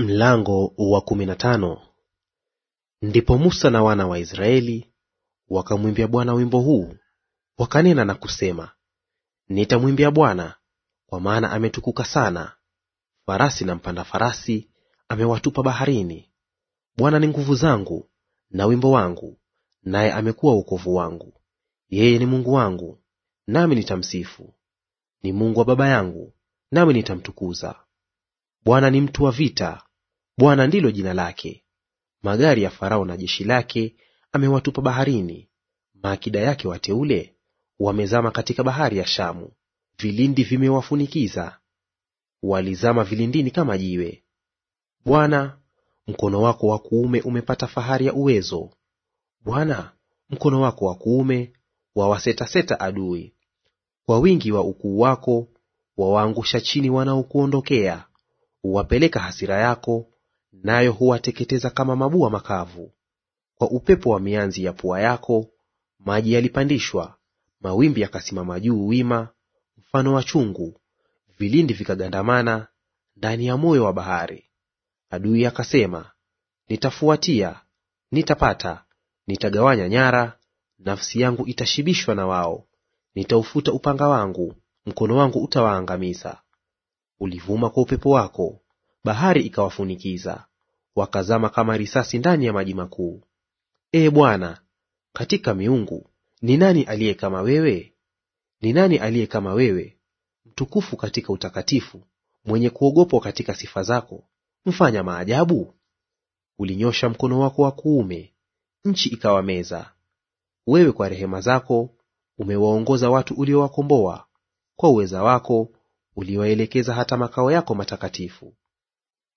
Mlango wa kumi na tano. Ndipo Musa na wana wa Israeli wakamwimbia Bwana wimbo huu, wakanena na kusema, nitamwimbia Bwana, kwa maana ametukuka sana. Farasi na mpanda farasi amewatupa baharini. Bwana ni nguvu zangu na wimbo wangu, naye amekuwa wokovu wangu. Yeye ni Mungu wangu, nami nitamsifu; ni Mungu wa baba yangu, nami nitamtukuza. Bwana ni mtu wa vita Bwana ndilo jina lake. Magari ya Farao na jeshi lake amewatupa baharini, maakida yake wateule wamezama katika bahari ya Shamu. Vilindi vimewafunikiza, walizama vilindini kama jiwe. Bwana, mkono wako wa kuume umepata fahari ya uwezo. Bwana, mkono wako wa kuume wawasetaseta adui. Kwa wingi wa ukuu wako wawaangusha chini wanaokuondokea. Uwapeleka hasira yako nayo huwateketeza kama mabua makavu. Kwa upepo wa mianzi ya pua yako maji yalipandishwa, mawimbi yakasimama juu wima, mfano wa chungu, vilindi vikagandamana ndani ya moyo wa bahari. Adui akasema, nitafuatia, nitapata, nitagawanya nyara, nafsi yangu itashibishwa na wao, nitaufuta upanga wangu, mkono wangu utawaangamiza. Ulivuma kwa upepo wako, bahari ikawafunikiza, wakazama kama risasi ndani ya maji makuu. Ee Bwana, katika miungu ni nani aliye kama wewe? Ni nani aliye kama wewe, mtukufu katika utakatifu, mwenye kuogopwa katika sifa zako, mfanya maajabu? Ulinyosha mkono wako wa kuume, nchi ikawameza. Wewe kwa rehema zako umewaongoza watu uliowakomboa, kwa uweza wako uliwaelekeza hata makao yako matakatifu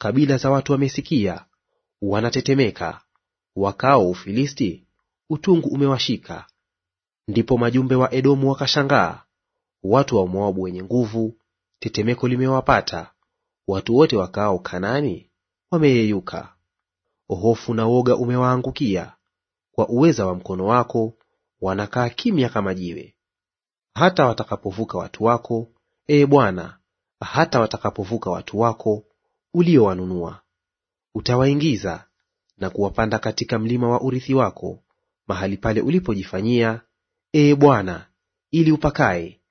kabila za watu wamesikia, wanatetemeka. Wakao Ufilisti, utungu umewashika. Ndipo majumbe wa Edomu wakashangaa, watu wa Moabu wenye nguvu, tetemeko limewapata. Watu wote wakaao kanani wameyeyuka. Hofu na woga umewaangukia, kwa uweza wa mkono wako wanakaa kimya kama jiwe. Hata watakapovuka watu wako, ee Bwana, hata watakapovuka watu wako uliowanunua. Utawaingiza na kuwapanda katika mlima wa urithi wako, mahali pale ulipojifanyia, Ee Bwana, ili upakae,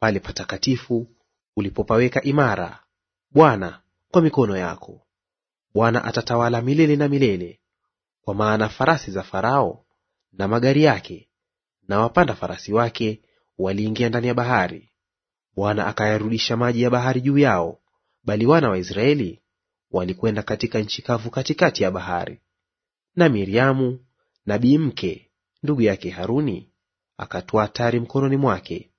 pale patakatifu ulipopaweka imara, Bwana, kwa mikono yako. Bwana atatawala milele na milele. Kwa maana farasi za Farao na magari yake na wapanda farasi wake waliingia ndani ya bahari, Bwana akayarudisha maji ya bahari juu yao, bali wana wa Israeli walikwenda katika nchi kavu katikati ya bahari. Na Miriamu nabii mke ndugu yake Haruni akatwaa tari mkononi mwake,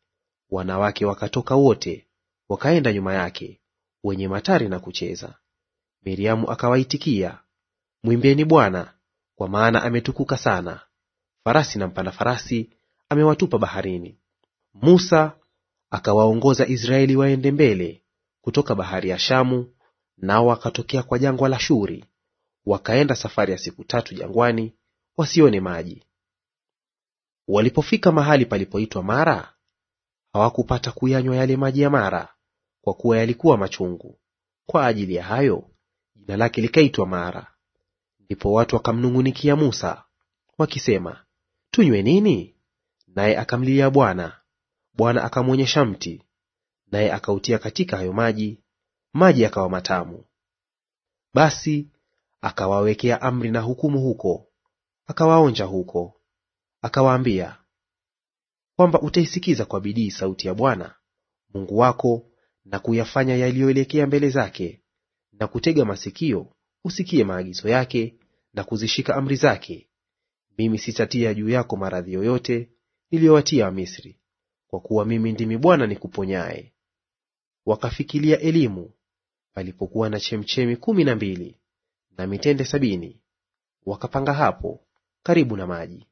wanawake wakatoka wote wakaenda nyuma yake wenye matari na kucheza. Miriamu akawaitikia, mwimbieni Bwana, kwa maana ametukuka sana, farasi na mpanda farasi amewatupa baharini. Musa akawaongoza Israeli waende mbele kutoka bahari ya Shamu Nao wakatokea kwa jangwa la Shuri, wakaenda safari ya siku tatu jangwani, wasione maji. Walipofika mahali palipoitwa Mara, hawakupata kuyanywa yale maji ya Mara, kwa kuwa yalikuwa machungu; kwa ajili ya hayo jina lake likaitwa Mara. Ndipo watu wakamnung'unikia Musa wakisema, tunywe nini? Naye akamlilia Bwana. Bwana akamwonyesha mti, naye akautia katika hayo maji, maji yakawa matamu. Basi akawawekea amri na hukumu huko, akawaonja huko, akawaambia kwamba utaisikiza kwa bidii sauti ya Bwana Mungu wako na kuyafanya yaliyoelekea mbele zake na kutega masikio usikie maagizo yake na kuzishika amri zake, mimi sitatia juu yako maradhi yoyote niliyowatia Wamisri, kwa kuwa mimi ndimi Bwana nikuponyaye. Wakafikilia elimu palipokuwa na chemchemi kumi na mbili na mitende sabini wakapanga hapo karibu na maji.